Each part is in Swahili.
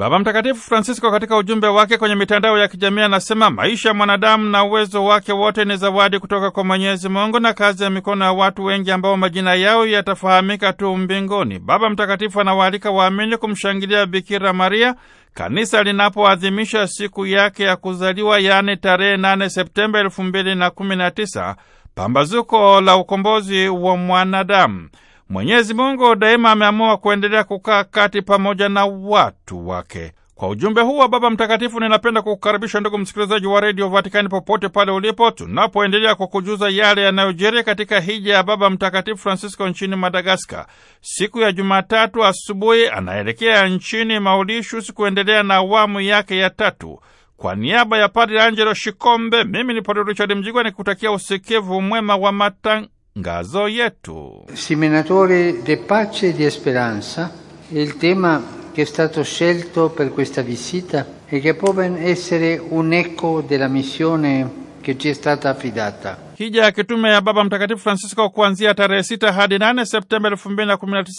Baba Mtakatifu Francisco katika ujumbe wake kwenye mitandao ya kijamii anasema maisha ya mwanadamu na uwezo wake wote ni zawadi kutoka kwa Mwenyezi Mungu na kazi ya mikono ya watu wengi ambao majina yao yatafahamika tu mbinguni. Baba Mtakatifu anawaalika waamini kumshangilia Bikira Maria kanisa linapoadhimisha siku yake ya kuzaliwa, yaani tarehe 8 Septemba 2019, pambazuko la ukombozi wa mwanadamu. Mwenyezi Mungu daima ameamua kuendelea kukaa kati pamoja na watu wake. Kwa ujumbe huu wa Baba Mtakatifu, ninapenda kukukaribisha ndugu msikilizaji wa redio Vatikani popote pale ulipo, tunapoendelea kukujuza yale yanayojiri katika hija ya Baba Mtakatifu Francisco nchini Madagaskar. Siku ya Jumatatu asubuhi anaelekea nchini Maulishus kuendelea na awamu yake ya tatu. Kwa niaba ya Padre Angelo Shikombe, mimi ni Padre Richard Mjigwa nikutakia usikivu mwema wa matang ngazo yetu. Seminatore de pace e di speranza il tema che è stato scelto per questa visita e che può ben essere un eco della missione che ci è stata affidata. Hija ya kitume ya Baba Mtakatifu Francisco kuanzia tarehe sita hadi nane Septemba elfu mbili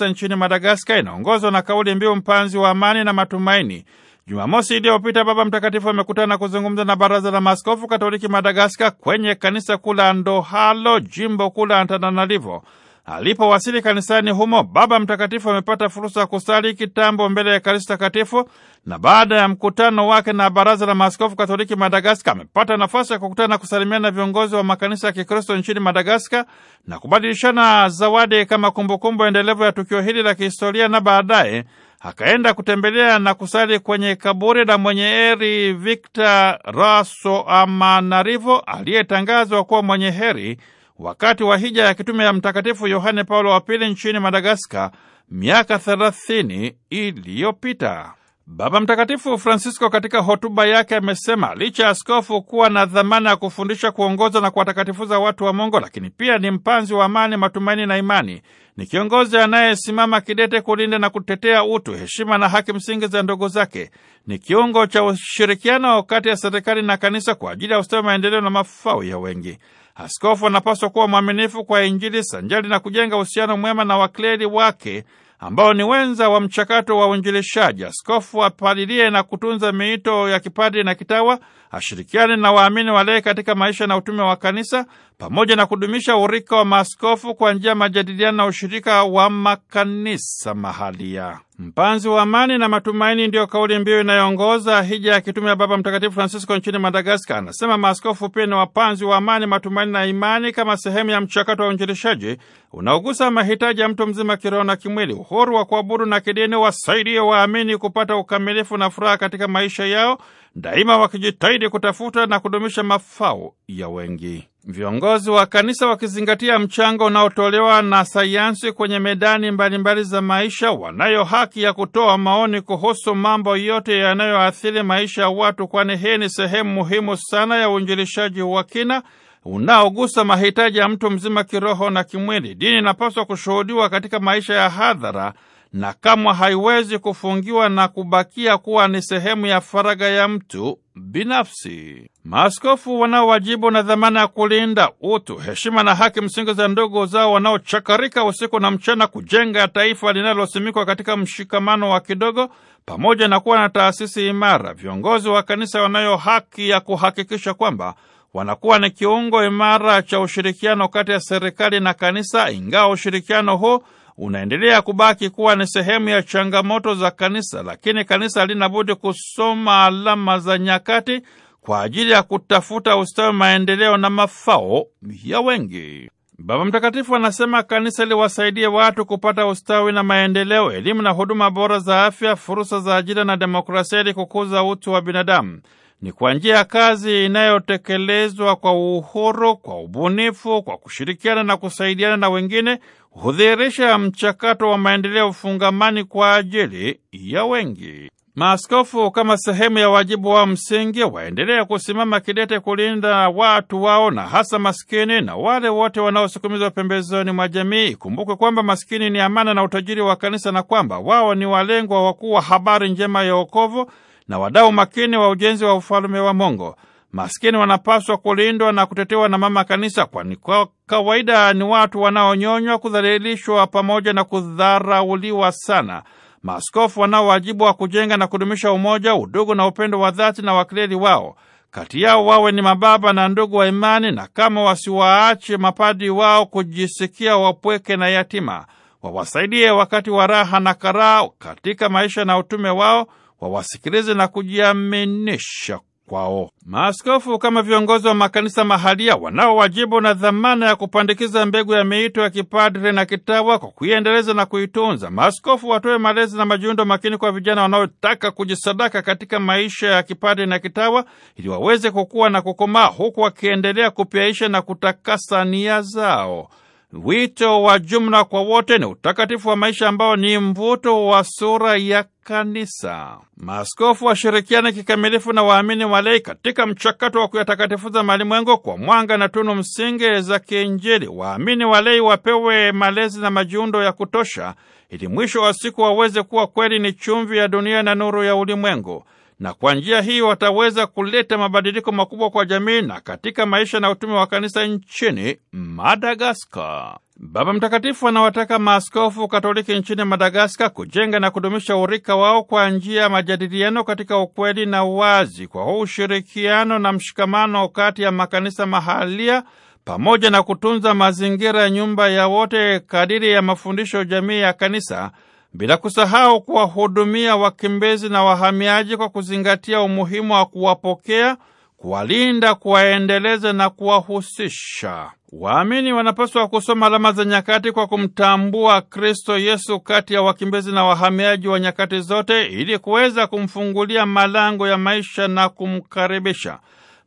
nchini Madagaskar inaongozwa na kauli mbiu mpanzi wa amani na matumaini Jumamosi iliyopita Baba Mtakatifu amekutana kuzungumza na Baraza la Maaskofu Katoliki Madagaskar kwenye kanisa kuu la Ndohalo, jimbo kuu la Antananarivo. Alipowasili kanisani humo, Baba Mtakatifu amepata fursa ya kusali kitambo mbele ya Ekaristi Takatifu, na baada ya mkutano wake na Baraza la Maaskofu Katoliki Madagaskar amepata nafasi ya kukutana na kusalimiana na viongozi wa makanisa ya Kikristo nchini Madagaskar na kubadilishana zawadi kama kumbukumbu endelevu ya tukio hili la kihistoria, na baadaye akaenda kutembelea na kusali kwenye kaburi la mwenye heri Victor Raso Amanarivo aliyetangazwa kuwa mwenye heri wakati wa hija ya kitume ya Mtakatifu Yohane Paulo wa Pili nchini Madagaskar miaka 30 iliyopita. Baba Mtakatifu Francisco katika hotuba yake amesema licha ya askofu kuwa na dhamana ya kufundisha, kuongoza na kuwatakatifuza watu wa Mungu, lakini pia ni mpanzi wa amani, matumaini na imani. Ni kiongozi anayesimama kidete kulinda na kutetea utu, heshima na haki msingi za ndugu zake. Ni kiungo cha ushirikiano kati ya serikali na kanisa kwa ajili ya ustawi, maendeleo na mafao ya wengi. Askofu anapaswa kuwa mwaminifu kwa Injili sanjali na kujenga uhusiano mwema na wakleri wake ambao ni wenza wa mchakato wa uinjilishaji. Askofu apalilie na kutunza miito ya kipadri na kitawa, ashirikiane na waamini walei katika maisha na utume wa kanisa, pamoja na kudumisha urika wa maaskofu kwa njia ya majadiliano na ushirika wa makanisa mahalia. Mpanzi wa amani na matumaini ndiyo kauli mbiu inayoongoza hija ya kitume ya Baba Mtakatifu Francisco nchini Madagaskar. Anasema maaskofu pia ni wapanzi wa amani, matumaini na imani kama sehemu ya mchakato wa uinjilishaji unaogusa mahitaji ya mtu mzima kiroho na kimwili. Uhuru wa kuabudu na kidini wasaidie waamini kupata ukamilifu na furaha katika maisha yao daima wakijitahidi kutafuta na kudumisha mafao ya wengi. Viongozi wa kanisa wakizingatia mchango unaotolewa na sayansi kwenye medani mbalimbali za maisha, wanayo haki ya kutoa maoni kuhusu mambo yote yanayoathiri maisha ya watu, kwani hii ni sehemu muhimu sana ya uinjilishaji wa kina unaogusa mahitaji ya mtu mzima kiroho na kimwili. Dini inapaswa kushuhudiwa katika maisha ya hadhara na kamwa haiwezi kufungiwa na kubakia kuwa ni sehemu ya faraga ya mtu binafsi. Maaskofu wanao wajibu na dhamana ya kulinda utu, heshima na haki msingi za ndugu zao wanaochakarika usiku na mchana kujenga ya taifa linalosimikwa katika mshikamano wa kidogo, pamoja na kuwa na taasisi imara. Viongozi wa kanisa wanayo haki ya kuhakikisha kwamba wanakuwa ni kiungo imara cha ushirikiano kati ya serikali na kanisa, ingawa ushirikiano huu unaendelea kubaki kuwa ni sehemu ya changamoto za kanisa, lakini kanisa linabudi kusoma alama za nyakati kwa ajili ya kutafuta ustawi, maendeleo na mafao ya wengi. Baba Mtakatifu anasema kanisa liwasaidie watu kupata ustawi na maendeleo, elimu na huduma bora za afya, fursa za ajira na demokrasia, ili kukuza utu wa binadamu ni kwa njia ya kazi inayotekelezwa kwa uhuru, kwa ubunifu, kwa kushirikiana na kusaidiana na wengine, hudhihirisha mchakato wa maendeleo ufungamani kwa ajili ya wengi. Maaskofu kama sehemu ya wajibu wa msingi waendelea kusimama kidete kulinda watu wao na hasa maskini na wale wote wanaosukumizwa pembezoni mwa jamii. Ikumbukwe kwamba maskini ni amana na utajiri wa kanisa na kwamba wao ni walengwa wakuu wa habari njema ya wokovu na wadau makini wa ujenzi wa ufalume wa Mungu. Maskini wanapaswa kulindwa na kutetewa na mama kanisa, kwani kwa kawaida ni watu wanaonyonywa, kudhalilishwa pamoja na kudharauliwa sana. Maaskofu wanao wajibu wa kujenga na kudumisha umoja, udugu na upendo wa dhati na wakleri wao kati yao, wawe ni mababa na ndugu wa imani, na kama wasiwaache mapadi wao kujisikia wapweke na yatima, wawasaidie wakati wa raha na karaha katika maisha na utume wao wawasikilize na kujiaminisha kwao. Maaskofu kama viongozi wa makanisa mahalia wanao wajibu na dhamana ya kupandikiza mbegu ya miito ya kipadre na kitawa kwa kuiendeleza na kuitunza. Maaskofu watoe malezi na majiundo makini kwa vijana wanaotaka kujisadaka katika maisha ya kipadre na kitawa ili waweze kukua na kukomaa, huku wakiendelea kupyaisha na kutakasa nia zao. Wito wa jumla kwa wote ni utakatifu wa maisha ambao ni mvuto wa sura ya kanisa. Maaskofu washirikiane kikamilifu na waamini walei katika mchakato wa kuyatakatifuza malimwengu kwa mwanga na tunu msingi za kiinjili. Waamini walei wapewe malezi na majiundo ya kutosha, ili mwisho wa siku waweze kuwa kweli ni chumvi ya dunia na nuru ya ulimwengu na kwa njia hii wataweza kuleta mabadiliko makubwa kwa jamii na katika maisha na utume wa kanisa nchini Madagaskar. Baba Mtakatifu anawataka maaskofu Katoliki nchini Madagaskar kujenga na kudumisha urika wao kwa njia ya majadiliano katika ukweli na uwazi, kwa ushirikiano na mshikamano kati ya makanisa mahalia pamoja na kutunza mazingira ya nyumba ya wote kadiri ya mafundisho jamii ya kanisa bila kusahau kuwahudumia wakimbizi na wahamiaji kwa kuzingatia umuhimu wa kuwapokea, kuwalinda, kuwaendeleza na kuwahusisha. Waamini wanapaswa kusoma alama za nyakati kwa kumtambua Kristo Yesu kati ya wakimbizi na wahamiaji wa nyakati zote ili kuweza kumfungulia malango ya maisha na kumkaribisha.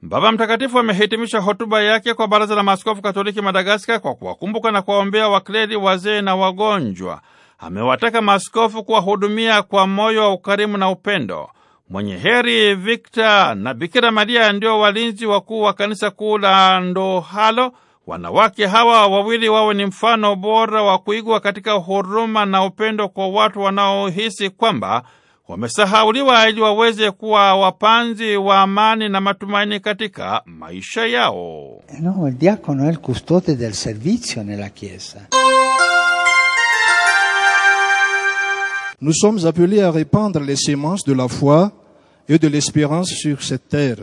Baba Mtakatifu amehitimisha hotuba yake kwa Baraza la Maaskofu Katoliki Madagaskar kwa kuwakumbuka na kuwaombea wakleli, wazee na wagonjwa amewataka maaskofu kuwahudumia kwa moyo wa ukarimu na upendo. Mwenye heri Vikta na Bikira Maria ndio walinzi wakuu wa kanisa kuu la Ndohalo. Wanawake hawa wawili wawe ni mfano bora wa kuigwa katika huruma na upendo kwa watu wanaohisi kwamba wamesahauliwa, ili waweze kuwa wapanzi wa amani na matumaini katika maisha yao. Eh no, il diacono è custode del servizio nella chiesa Nous sommes appelés à répandre les semences de la foi et de l'espérance sur cette terre.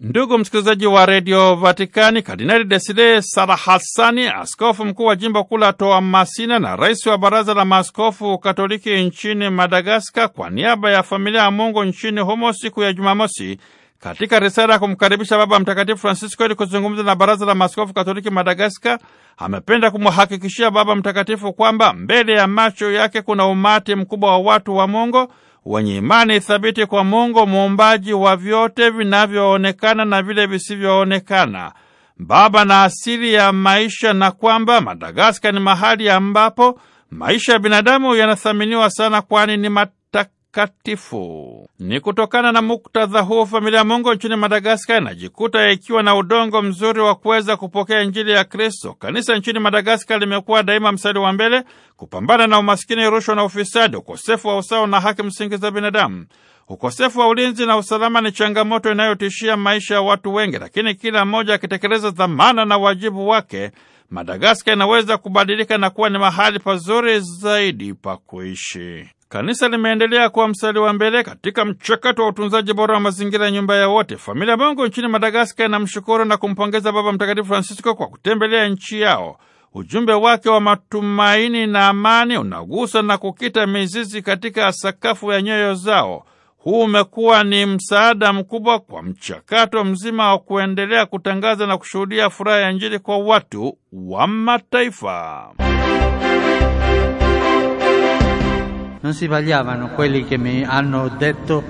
Ndugu msikilizaji wa redio Vatikani, Kardinali Desire Sarahasani, askofu mkuu wa jimbo kula la Toamasina na rais wa baraza la maaskofu Katoliki nchini Madagaskar, kwa niaba ya familia ya Mungu nchini humo, siku ya Jumamosi katika risala ya kumkaribisha Baba Mtakatifu Francisco ili kuzungumza na Baraza la maskofu Katoliki Madagaskar, amependa kumhakikishia Baba Mtakatifu kwamba mbele ya macho yake kuna umati mkubwa wa watu wa Mungu wenye imani thabiti kwa Mungu muumbaji wa vyote vinavyoonekana na vile visivyoonekana, Baba na asili ya maisha, na kwamba Madagaskar ni mahali ambapo maisha ya binadamu yanathaminiwa sana, kwani ni mat Mtakatifu. Ni kutokana na muktadha huu, familia ya Mungu nchini Madagaskar inajikuta ikiwa na udongo mzuri wa kuweza kupokea Injili ya Kristo. Kanisa nchini Madagaskar limekuwa daima mstari wa mbele kupambana na umaskini, rushwa na ufisadi, ukosefu wa usawa na haki msingi za binadamu. Ukosefu wa ulinzi na usalama ni changamoto inayotishia maisha ya watu wengi, lakini kila mmoja akitekeleza dhamana na wajibu wake, Madagaskar inaweza kubadilika na kuwa ni mahali pazuri zaidi pa kuishi. Kanisa limeendelea kuwa mstari wa mbele katika mchakato wa utunzaji bora wa mazingira ya nyumba ya wote. Familia Bongo nchini Madagaskar inamshukuru na kumpongeza Baba Mtakatifu Francisco kwa kutembelea nchi yao. Ujumbe wake wa matumaini na amani unagusa na kukita mizizi katika sakafu ya nyoyo zao. Huu umekuwa ni msaada mkubwa kwa mchakato mzima wa kuendelea kutangaza na kushuhudia furaha ya Injili kwa watu wa mataifa non si sbagliavano quelli che mi hanno detto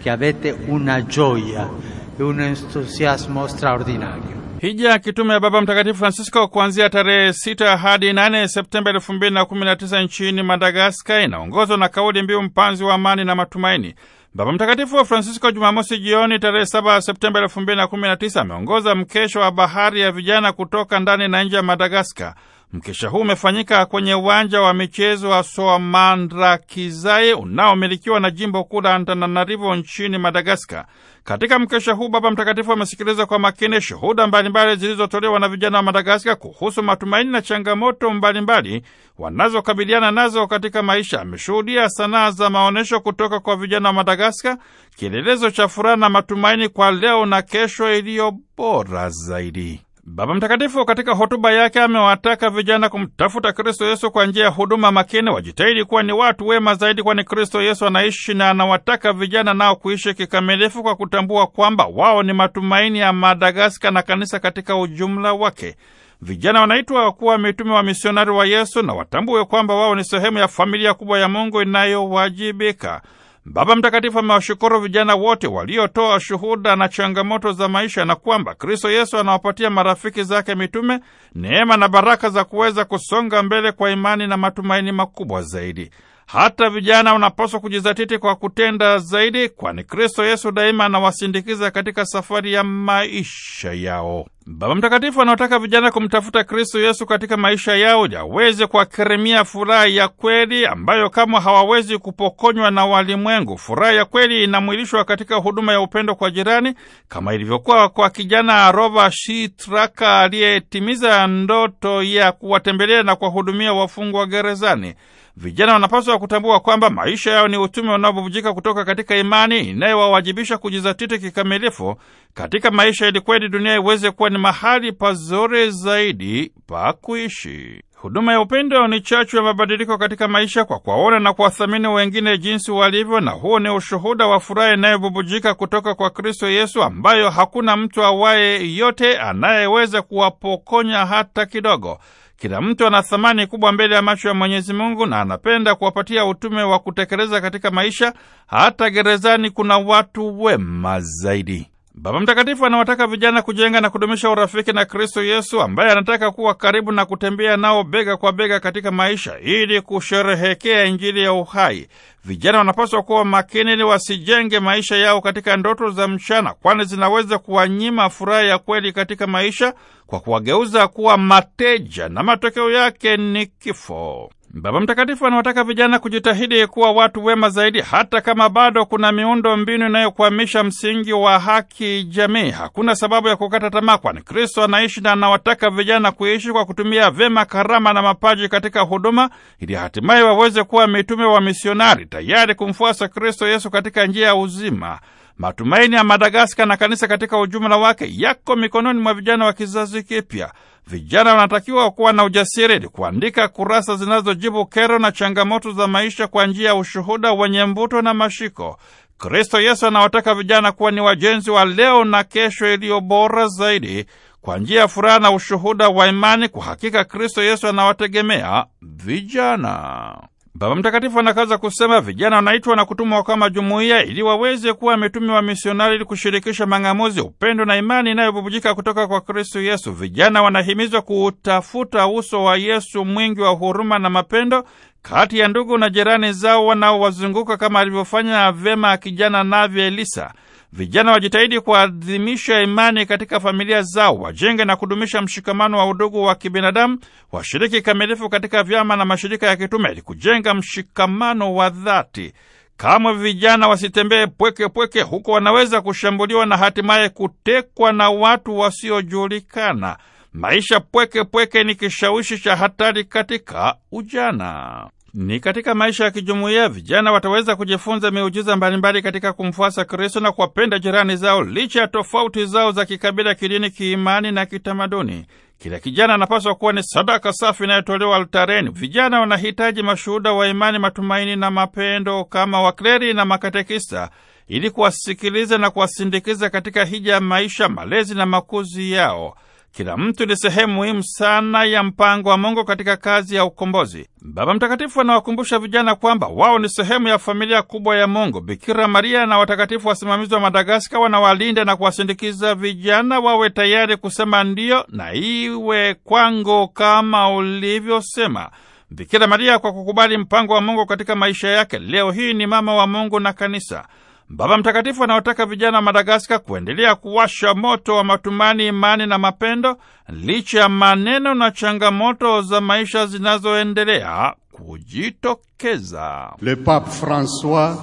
che avete una gioia e un entusiasmo straordinario. Hija kitume ya Baba Mtakatifu Francisco kuanzia tarehe 6 hadi 8 Septemba 2019 nchini Madagaskar inaongozwa na kauli mbiu mpanzi wa amani na matumaini. Baba Mtakatifu wa Francisco Jumamosi jioni tarehe saba Septemba 2019 ameongoza mkesho wa bahari ya vijana kutoka ndani na nje ya Madagaskar. Mkesha huu umefanyika kwenye uwanja wa michezo wa Soamandrakizai unaomilikiwa na jimbo kuu la Antananarivo nchini Madagaskar. Katika mkesha huu Baba Mtakatifu amesikiliza kwa makini shuhuda mbalimbali zilizotolewa na vijana wa Madagaskar kuhusu matumaini na changamoto mbalimbali wanazokabiliana nazo katika maisha. Ameshuhudia sanaa za maonyesho kutoka kwa vijana wa Madagaskar, kielelezo cha furaha na matumaini kwa leo na kesho iliyo bora zaidi. Baba Mtakatifu katika hotuba yake amewataka vijana kumtafuta Kristo Yesu kwa njia ya huduma makini, wajitahidi kuwa ni watu wema zaidi, kwani Kristo Yesu anaishi na anawataka vijana nao kuishi kikamilifu kwa kutambua kwamba wao ni matumaini ya Madagaska na kanisa katika ujumla wake. Vijana wanaitwa kuwa mitume wa misionari wa Yesu na watambue kwamba wao ni sehemu ya familia kubwa ya Mungu inayowajibika. Baba Mtakatifu amewashukuru vijana wote waliotoa shuhuda na changamoto za maisha na kwamba Kristo Yesu anawapatia marafiki zake mitume neema na baraka za kuweza kusonga mbele kwa imani na matumaini makubwa zaidi. Hata vijana unapaswa kujizatiti kwa kutenda zaidi, kwani Kristo Yesu daima anawasindikiza katika safari ya maisha yao. Baba Mtakatifu anawataka vijana kumtafuta Kristo Yesu katika maisha yao yaweze aweze kuwakirimia furaha ya kweli ambayo kama hawawezi kupokonywa na walimwengu. Furaha ya kweli inamwilishwa katika huduma ya upendo kwa jirani, kama ilivyokuwa kwa kijana Rova Shitraka aliyetimiza ndoto ya kuwatembelea na kuwahudumia wafungwa gerezani. Vijana wanapaswa kutambua kwamba maisha yao ni utume unaobubujika kutoka katika imani inayowawajibisha kujizatiti kikamilifu katika maisha, ili kweli dunia iweze kuwa ni mahali pazuri zaidi pa kuishi. Huduma ya upendo ni chachu ya mabadiliko katika maisha kwa kuwaona na kuwathamini wengine jinsi walivyo, na huo ni ushuhuda wa furaha inayobubujika kutoka kwa Kristo Yesu, ambayo hakuna mtu awaye yote anayeweza kuwapokonya hata kidogo. Kila mtu ana thamani kubwa mbele ya macho ya Mwenyezi Mungu na anapenda kuwapatia utume wa kutekeleza katika maisha. Hata gerezani kuna watu wema zaidi. Baba Mtakatifu anawataka vijana kujenga na kudumisha urafiki na Kristo Yesu ambaye anataka kuwa karibu na kutembea nao bega kwa bega katika maisha ili kusherehekea Injili ya uhai. Vijana wanapaswa kuwa makini ni wasijenge maisha yao katika ndoto za mchana, kwani zinaweza kuwanyima furaha ya kweli katika maisha kwa kuwageuza kuwa mateja na matokeo yake ni kifo. Baba Mtakatifu anawataka vijana kujitahidi kuwa watu wema zaidi, hata kama bado kuna miundo mbinu inayokwamisha msingi wa haki jamii. Hakuna sababu ya kukata tamaa, kwani Kristo anaishi na anawataka vijana kuishi kwa kutumia vyema karama na mapaji katika huduma, ili hatimaye waweze kuwa mitume wa misionari, tayari kumfuasa Kristo Yesu katika njia ya uzima. Matumaini ya Madagaska na kanisa katika ujumla wake yako mikononi mwa vijana wa kizazi kipya. Vijana wanatakiwa kuwa na ujasiri ili kuandika kurasa zinazojibu kero na changamoto za maisha kwa njia ya ushuhuda wenye mvuto na mashiko. Kristo Yesu anawataka vijana kuwa ni wajenzi wa leo na kesho iliyo bora zaidi kwa njia ya furaha na ushuhuda wa imani. Kwa hakika Kristo Yesu anawategemea vijana. Baba Mtakatifu anakaza kusema vijana wanaitwa na kutumwa kama jumuiya ili waweze kuwa mitume wa misionari ili kushirikisha mang'amuzi, upendo na imani inayobubujika kutoka kwa kristu Yesu. Vijana wanahimizwa kuutafuta uso wa Yesu mwingi wa huruma na mapendo kati ya ndugu na jirani zao wanaowazunguka kama alivyofanya vyema kijana navyo Elisa. Vijana wajitahidi kuadhimisha imani katika familia zao, wajenge na kudumisha mshikamano wa udugu wa kibinadamu, washiriki kamilifu katika vyama na mashirika ya kitume ili kujenga mshikamano wa dhati. Kamwe vijana wasitembee pweke pweke, huko wanaweza kushambuliwa na hatimaye kutekwa na watu wasiojulikana. Maisha pweke pweke ni kishawishi cha hatari katika ujana. Ni katika maisha ya kijumuiya vijana wataweza kujifunza miujiza mbalimbali katika kumfuasa Kristo na kuwapenda jirani zao licha ya tofauti zao za kikabila, kidini, kiimani na kitamaduni. Kila kijana anapaswa kuwa ni sadaka safi inayotolewa altareni. Vijana wanahitaji mashuhuda wa imani, matumaini na mapendo kama wakleri na makatekista, ili kuwasikiliza na kuwasindikiza katika hija ya maisha, malezi na makuzi yao. Kila mtu ni sehemu muhimu sana ya mpango wa Mungu katika kazi ya ukombozi. Baba Mtakatifu anawakumbusha vijana kwamba wao ni sehemu ya familia kubwa ya Mungu. Bikira Maria na watakatifu wasimamizi wa Madagaska wanawalinda na kuwasindikiza vijana wawe tayari kusema ndiyo na iwe kwangu kama ulivyosema. Bikira Maria, kwa kukubali mpango wa Mungu katika maisha yake, leo hii ni mama wa Mungu na kanisa. Baba Mtakatifu anawataka vijana wa Madagaska kuendelea kuwasha moto wa matumaini, imani na mapendo licha ya maneno na changamoto za maisha zinazoendelea kujitokeza. Le Pape Francois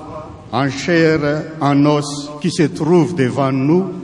en chair en os qui se trouve devant nous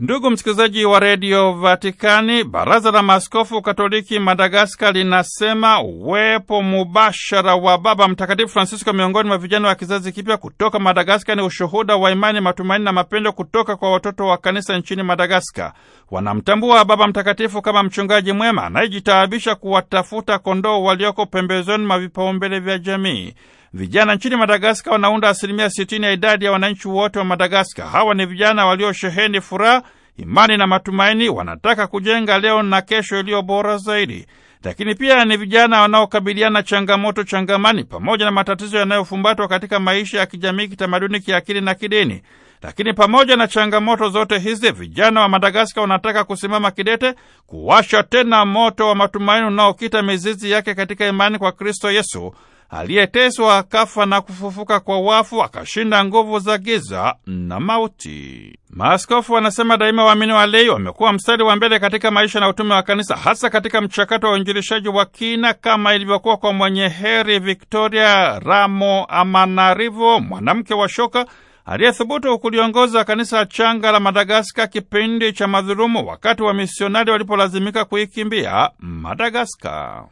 Ndugu msikilizaji wa redio Vatikani, baraza la maaskofu katoliki Madagaskar linasema uwepo mubashara wa Baba Mtakatifu Francisco miongoni mwa vijana wa kizazi kipya kutoka Madagaskar ni ushuhuda wa imani, matumaini na mapendo kutoka kwa watoto wa kanisa nchini Madagaskar. Wanamtambua Baba Mtakatifu kama mchungaji mwema anayejitaabisha kuwatafuta kondoo walioko pembezoni mwa vipaumbele vya jamii. Vijana nchini Madagaska wanaunda asilimia 60 ya idadi ya wananchi wote wa madagaskar Hawa ni vijana waliosheheni furaha, imani na matumaini, wanataka kujenga leo na kesho iliyo bora zaidi, lakini pia ni vijana wanaokabiliana changamoto changamani pamoja na matatizo yanayofumbatwa katika maisha ya kijamii, kitamaduni, kiakili na kidini. Lakini pamoja na changamoto zote hizi, vijana wa Madagaska wanataka kusimama kidete, kuwasha tena moto wa matumaini unaokita mizizi yake katika imani kwa Kristo Yesu aliyeteswa kafa na kufufuka kwa wafu, akashinda nguvu za giza na mauti. Maaskofu wanasema daima waamini wa lei wamekuwa mstari wa mbele katika maisha na utume wa kanisa, hasa katika mchakato wa uinjilishaji wa kina, kama ilivyokuwa kwa mwenye heri Victoria Ramo Amanarivo, mwanamke wa shoka aliyethubutu kuliongoza kanisa changa la Madagaska kipindi cha madhulumu, wakati wa misionari walipolazimika kuikimbia Madagaska.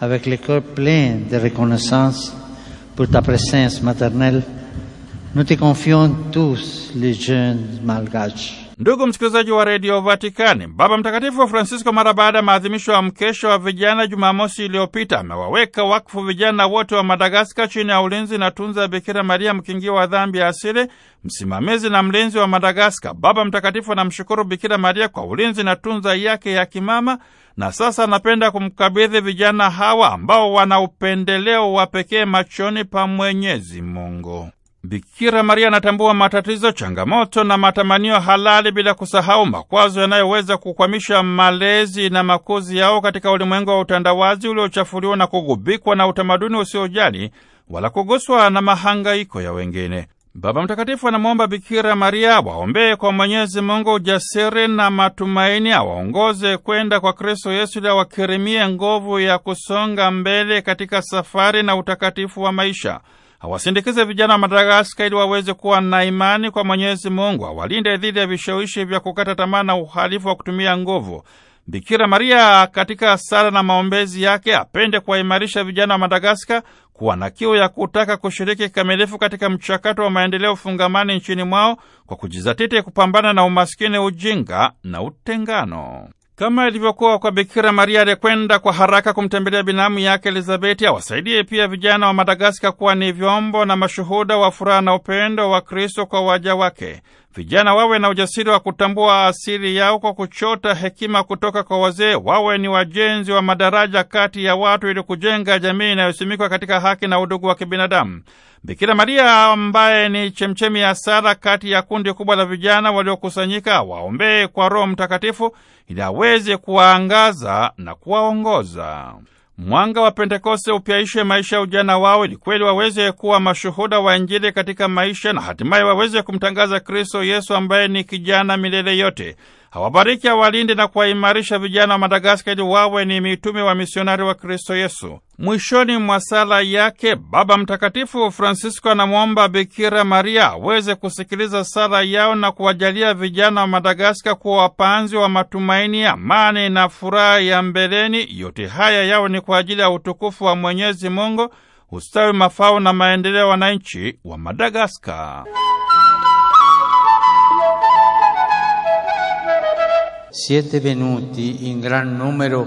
avec le cœur plein de reconnaissance pour ta présence maternelle, nous te confions tous les jeunes malgaches. Ndugu msikilizaji wa redio Vatikani, Baba Mtakatifu Francisco mara baada ya maadhimisho ya mkesha wa vijana Jumamosi iliyopita amewaweka wakfu vijana wote wa Madagaska chini ya ulinzi na tunza ya Bikira Maria, mkingia wa dhambi ya asili, msimamizi na mlinzi wa Madagaska. Baba Mtakatifu anamshukuru Bikira Maria kwa ulinzi na tunza yake ya kimama, na sasa anapenda kumkabidhi vijana hawa ambao wana upendeleo wa pekee machoni pa Mwenyezi Mungu. Bikira Maria anatambua matatizo, changamoto na matamanio halali, bila kusahau makwazo yanayoweza kukwamisha malezi na makuzi yao katika ulimwengu wa utandawazi uliochafuliwa na kugubikwa na utamaduni usiojali wala kuguswa na mahangaiko ya wengine. Baba Mtakatifu anamwomba Bikira Maria waombee kwa Mwenyezi Mungu ujasiri na matumaini, awaongoze kwenda kwa Kristo Yesu ili awakirimie nguvu ya kusonga mbele katika safari na utakatifu wa maisha awasindikize vijana wa Madagaska ili waweze kuwa na imani kwa Mwenyezi Mungu, awalinde dhidi ya vishawishi vya kukata tamaa na uhalifu wa kutumia nguvu. Bikira Maria katika sala na maombezi yake apende kuwaimarisha vijana wa Madagaska kuwa na kiu ya kutaka kushiriki kikamilifu katika mchakato wa maendeleo fungamani nchini mwao kwa kujizatiti kupambana na umaskini, ujinga na utengano kama ilivyokuwa kwa Bikira Maria alikwenda kwa haraka kumtembelea binamu yake Elizabeti, awasaidie pia vijana wa Madagaska kuwa ni vyombo na mashuhuda wa furaha na upendo wa Kristo kwa waja wake. Vijana wawe na ujasiri wa kutambua asili yao kwa kuchota hekima kutoka kwa wazee. Wawe ni wajenzi wa madaraja kati ya watu ili kujenga jamii inayosimikwa katika haki na udugu wa kibinadamu. Bikira Maria ambaye ni chemchemi ya sala kati ya kundi kubwa la vijana waliokusanyika, waombee kwa Roho Mtakatifu ili aweze kuwaangaza na kuwaongoza. Mwanga wa Pentekoste upyaishe maisha ya ujana wao ili kweli waweze kuwa mashuhuda wa Injili katika maisha na hatimaye waweze kumtangaza Kristo Yesu ambaye ni kijana milele yote awabariki, awalinde na kuwaimarisha vijana wa Madagaska ili wawe ni mitume wa misionari wa Kristo Yesu. Mwishoni mwa sala yake Baba Mtakatifu Francisco anamwomba Bikira Maria aweze kusikiliza sala yao na kuwajalia vijana wa Madagaska kuwa wapanzi wa matumaini, amani na furaha ya mbeleni. Yote haya yao ni kwa ajili ya utukufu wa Mwenyezi Mungu, ustawi, mafao na maendeleo ya wananchi wa Madagaska. siete venuti in gran numero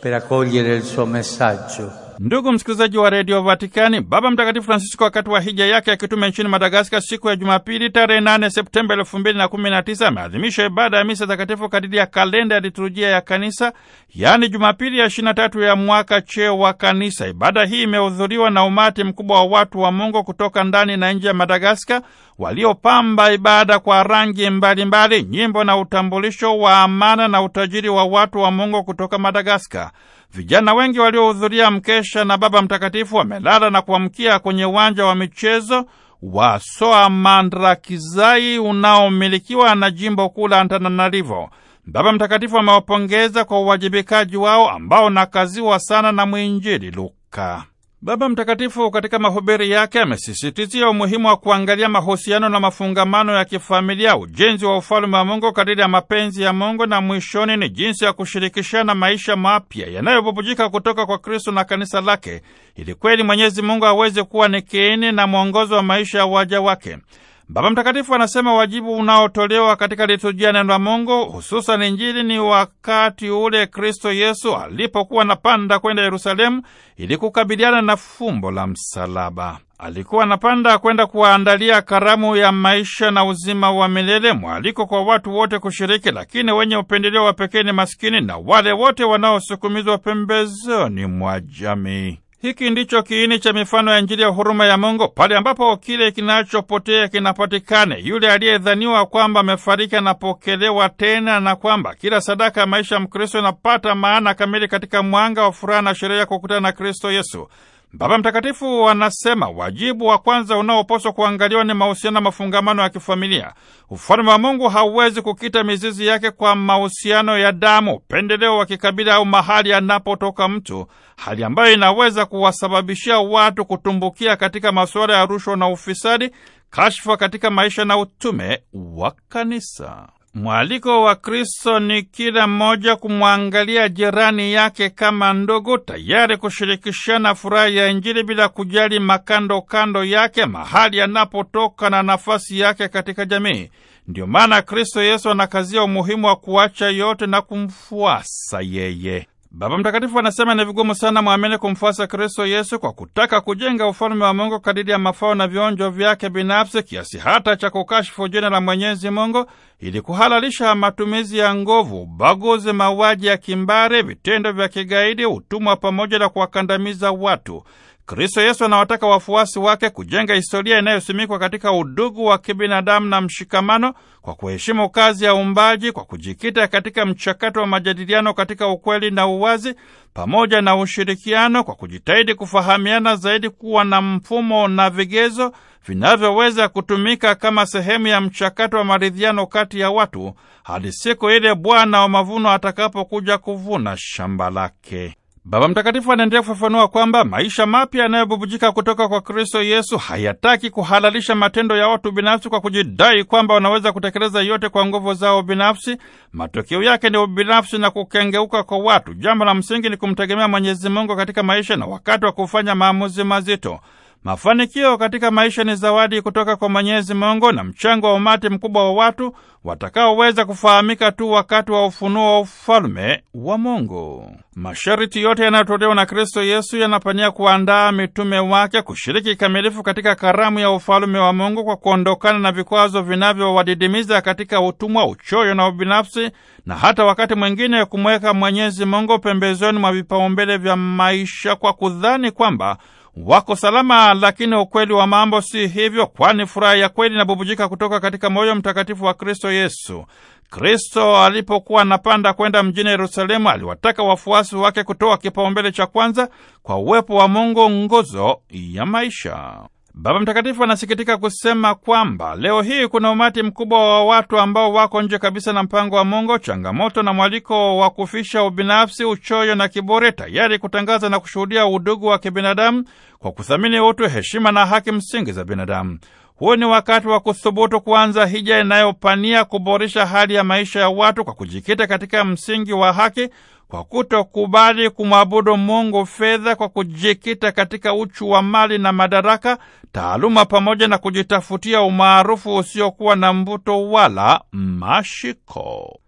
per accogliere il suo messaggio. Ndugu msikilizaji wa redio Vatikani, Baba Mtakatifu Francisco wakati wa hija yake ya kitume nchini Madagaskar siku ya Jumapili tarehe 8 Septemba elfu mbili na kumi na tisa ameadhimisha ibada ya misa takatifu kadiri ya kalenda ya liturujia ya kanisa, yaani Jumapili ya 23 ya mwaka cheo wa kanisa. Ibada hii imehudhuriwa na umati mkubwa wa watu wa Mungu kutoka ndani na nje ya Madagaskar waliopamba ibada kwa rangi mbalimbali, nyimbo na utambulisho wa amana na utajiri wa watu wa Mungu kutoka Madagaskar. Vijana wengi waliohudhuria mkesha na Baba Mtakatifu wamelala na kuamkia kwenye uwanja wa michezo wa Soa Mandrakizai unaomilikiwa na jimbo kuu la Antananarivo. Baba Mtakatifu amewapongeza kwa uwajibikaji wao ambao nakaziwa sana na mwinjili Luka. Baba Mtakatifu katika mahubiri yake amesisitizia umuhimu wa kuangalia mahusiano na mafungamano ya kifamilia, ujenzi wa ufalume wa Mungu kadiri ya mapenzi ya Mungu, na mwishoni ni jinsi ya kushirikishana maisha mapya yanayobubujika kutoka kwa Kristo na kanisa lake, ili kweli Mwenyezi Mungu aweze kuwa ni kiini na mwongozo wa maisha ya waja wake. Baba Mtakatifu anasema wajibu unaotolewa katika liturujia neno la Mungu, hususan Injili, ni wakati ule Kristo Yesu alipokuwa anapanda kwenda Yerusalemu ili kukabiliana na fumbo la msalaba. Alikuwa anapanda kwenda kuwaandalia karamu ya maisha na uzima wa milele, mwaliko kwa watu wote kushiriki, lakini wenye upendeleo wa pekee ni maskini na wale wote wanaosukumizwa pembezoni mwa jamii. Hiki ndicho kiini cha mifano ya Injili ya huruma ya Mungu, pale ambapo kile kinachopotea kinapatikane, yule aliyedhaniwa kwamba amefariki anapokelewa tena, na kwamba kila sadaka ya maisha ya Mkristo inapata maana kamili katika mwanga wa furaha na sherehe ya kukutana na Kristo Yesu. Baba Mtakatifu anasema wajibu wa kwanza unaopaswa kuangaliwa ni mahusiano na mafungamano ya kifamilia. Ufalme wa Mungu hauwezi kukita mizizi yake kwa mahusiano ya damu, upendeleo wa kikabila au mahali anapotoka mtu, hali ambayo inaweza kuwasababishia watu kutumbukia katika masuala ya rushwa na ufisadi, kashfa katika maisha na utume wa Kanisa. Mwaliko wa Kristo ni kila mmoja kumwangalia jirani yake kama ndugu, tayari kushirikishana furaha ya Injili bila kujali makando kando yake, mahali anapotoka na nafasi yake katika jamii. Ndiyo maana Kristo Yesu anakazia umuhimu wa kuacha yote na kumfuasa yeye. Baba Mtakatifu anasema ni vigumu sana mwamini kumfuasa Kristo Yesu kwa kutaka kujenga ufalme wa Mungu kadiri ya mafao na vionjo vyake binafsi kiasi hata cha kukashifu jina la Mwenyezi Mungu ili kuhalalisha matumizi ya nguvu, ubaguzi, mauaji ya kimbari, vitendo vya kigaidi, utumwa pamoja na kuwakandamiza watu. Kristo Yesu anawataka wafuasi wake kujenga historia inayosimikwa katika udugu wa kibinadamu na mshikamano kwa kuheshimu kazi ya uumbaji, kwa kujikita katika mchakato wa majadiliano katika ukweli na uwazi, pamoja na ushirikiano, kwa kujitahidi kufahamiana zaidi, kuwa na mfumo na vigezo vinavyoweza kutumika kama sehemu ya mchakato wa maridhiano kati ya watu, hadi siku ile Bwana wa mavuno atakapokuja kuvuna shamba lake. Baba Mtakatifu anaendelea kufafanua kwamba maisha mapya yanayobubujika kutoka kwa Kristo Yesu hayataki kuhalalisha matendo ya watu binafsi kwa kujidai kwamba wanaweza kutekeleza yote kwa nguvu zao binafsi. Matokeo yake ni ubinafsi na kukengeuka kwa watu. Jambo la msingi ni kumtegemea Mwenyezi Mungu katika maisha na wakati wa kufanya maamuzi mazito. Mafanikio katika maisha ni zawadi kutoka kwa Mwenyezi Mungu na mchango wa umati mkubwa wa watu watakaoweza kufahamika tu wakati wa ufunuo wa ufalme wa Mungu. Masharti yote yanayotolewa na Kristo Yesu yanapania kuandaa mitume wake kushiriki kikamilifu katika karamu ya ufalme wa Mungu kwa kuondokana na vikwazo vinavyowadidimiza katika utumwa, uchoyo na ubinafsi, na hata wakati mwingine kumweka Mwenyezi Mungu pembezoni mwa vipaumbele vya maisha kwa kudhani kwamba wako salama, lakini ukweli wa mambo si hivyo, kwani furaha ya kweli inabubujika kutoka katika moyo mtakatifu wa Kristo Yesu. Kristo alipokuwa anapanda kwenda mjini Yerusalemu, aliwataka wafuasi wake kutoa kipaumbele cha kwanza kwa uwepo wa Mungu, nguzo ya maisha. Baba Mtakatifu anasikitika kusema kwamba leo hii kuna umati mkubwa wa watu ambao wako nje kabisa na mpango wa Mungu, changamoto na mwaliko wa kufisha ubinafsi, uchoyo na kiburi, tayari kutangaza na kushuhudia udugu wa kibinadamu kwa kuthamini utu, heshima na haki msingi za binadamu. Huu ni wakati wa kuthubutu kuanza hija inayopania kuboresha hali ya maisha ya watu kwa kujikita katika msingi wa haki, kwa kutokubali kumwabudu Mungu fedha, kwa kujikita katika uchu wa mali na madaraka, taaluma, pamoja na kujitafutia umaarufu usiokuwa na mvuto wala mashiko.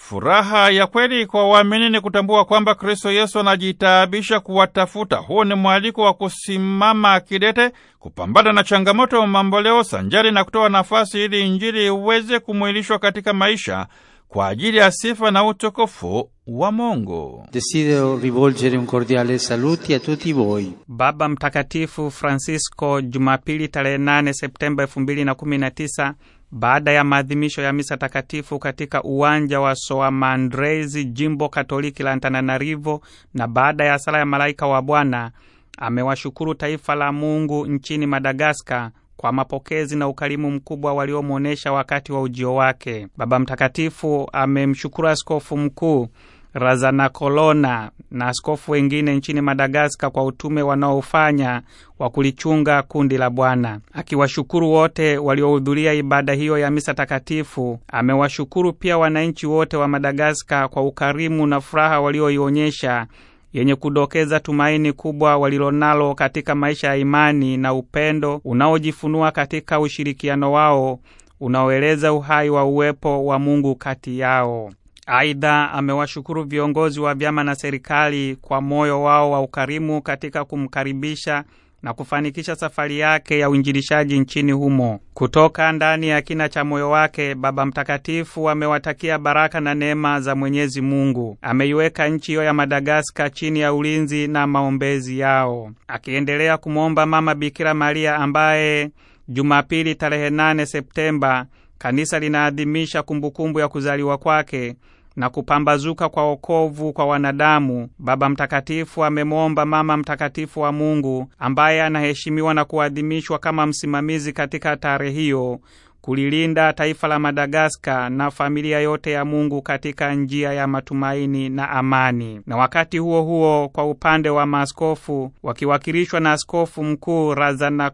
Furaha ya kweli kwa waamini ni kutambua kwamba Kristo Yesu anajitaabisha kuwatafuta. Huu ni mwaliko wa kusimama kidete, kupambana na changamoto mamboleo, sanjari na kutoa nafasi ili Injili iweze kumwilishwa katika maisha kwa ajili ya sifa na utukufu wa Mungu. Desidero rivolgere un cordiale saluti a tutti voi. Baba Mtakatifu Francisco, Jumapili tarehe 8 Septemba 2019 baada ya maadhimisho ya misa takatifu katika uwanja wa Soamandrezi, jimbo Katoliki la Antananarivo, na baada ya sala ya malaika wa Bwana, amewashukuru taifa la Mungu nchini Madagaska kwa mapokezi na ukarimu mkubwa waliomwonyesha wakati wa ujio wake. Baba Mtakatifu amemshukuru askofu mkuu Razanakolona na askofu wengine nchini Madagaskar kwa utume wanaofanya wa kulichunga kundi la Bwana. Akiwashukuru wote waliohudhuria ibada hiyo ya misa takatifu, amewashukuru pia wananchi wote wa Madagaskar kwa ukarimu na furaha walioionyesha yenye kudokeza tumaini kubwa walilonalo katika maisha ya imani na upendo unaojifunua katika ushirikiano wao unaoeleza uhai wa uwepo wa Mungu kati yao. Aidha, amewashukuru viongozi wa vyama na serikali kwa moyo wao wa ukarimu katika kumkaribisha na kufanikisha safari yake ya uinjilishaji nchini humo. Kutoka ndani ya kina cha moyo wake, Baba Mtakatifu amewatakia baraka na neema za Mwenyezi Mungu. Ameiweka nchi hiyo ya Madagaska chini ya ulinzi na maombezi yao, akiendelea kumwomba Mama Bikira Maria ambaye Jumapili tarehe 8 Septemba kanisa linaadhimisha kumbukumbu ya kuzaliwa kwake na kupambazuka kwa wokovu kwa wanadamu, Baba Mtakatifu amemwomba Mama Mtakatifu wa Mungu ambaye anaheshimiwa na kuadhimishwa kama msimamizi katika tarehe hiyo kulilinda taifa la Madagaska na familia yote ya Mungu katika njia ya matumaini na amani. Na wakati huo huo, kwa upande wa maaskofu wakiwakilishwa na askofu mkuu Razana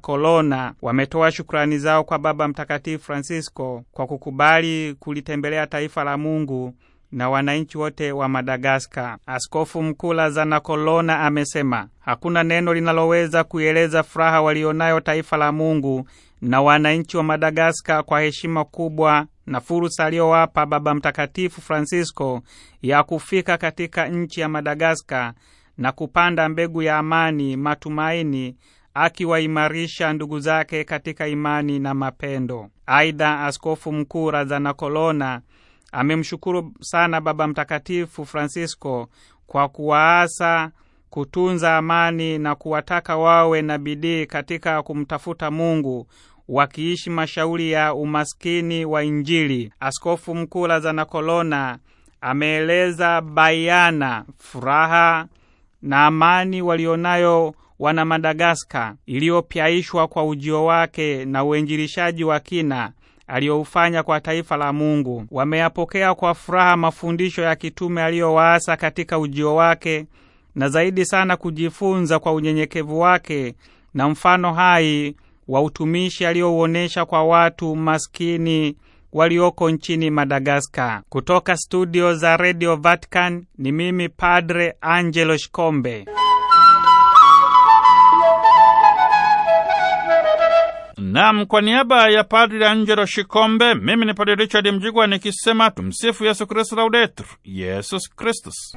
wametoa shukrani zao kwa Baba Mtakatifu Francisco kwa kukubali kulitembelea taifa la Mungu na wananchi wote wa Madagaskar. Askofu mkuu Lazana amesema hakuna neno linaloweza kuieleza furaha walionayo taifa la Mungu na wananchi wa Madagaskar kwa heshima kubwa na fursa aliyowapa Baba Mtakatifu Francisco ya kufika katika nchi ya Madagaskar na kupanda mbegu ya amani, matumaini akiwaimarisha ndugu zake katika imani na mapendo. Aidha, askofu mkuu Razanakolona amemshukuru sana Baba Mtakatifu Francisco kwa kuwaasa kutunza amani na kuwataka wawe na bidii katika kumtafuta Mungu wakiishi mashauri ya umaskini wa Injili. Askofu Mkuu Lazana Kolona ameeleza bayana furaha na amani walionayo wana Madagaska iliyopyaishwa kwa ujio wake na uinjilishaji wa kina aliyoufanya kwa taifa la Mungu. Wameyapokea kwa furaha mafundisho ya kitume aliyowaasa katika ujio wake na zaidi sana kujifunza kwa unyenyekevu wake na mfano hai wa utumishi aliyouonyesha kwa watu maskini walioko nchini Madagaskar. Kutoka studio za Radio Vatican ni mimi Padre Angelo Shikombe. Nam, kwa niaba ya Padri Angelo Shikombe, mimi ni Padri Richard Mjigwa nikisema tumsifu Yesu Kristu, laudetur Yesus Kristus.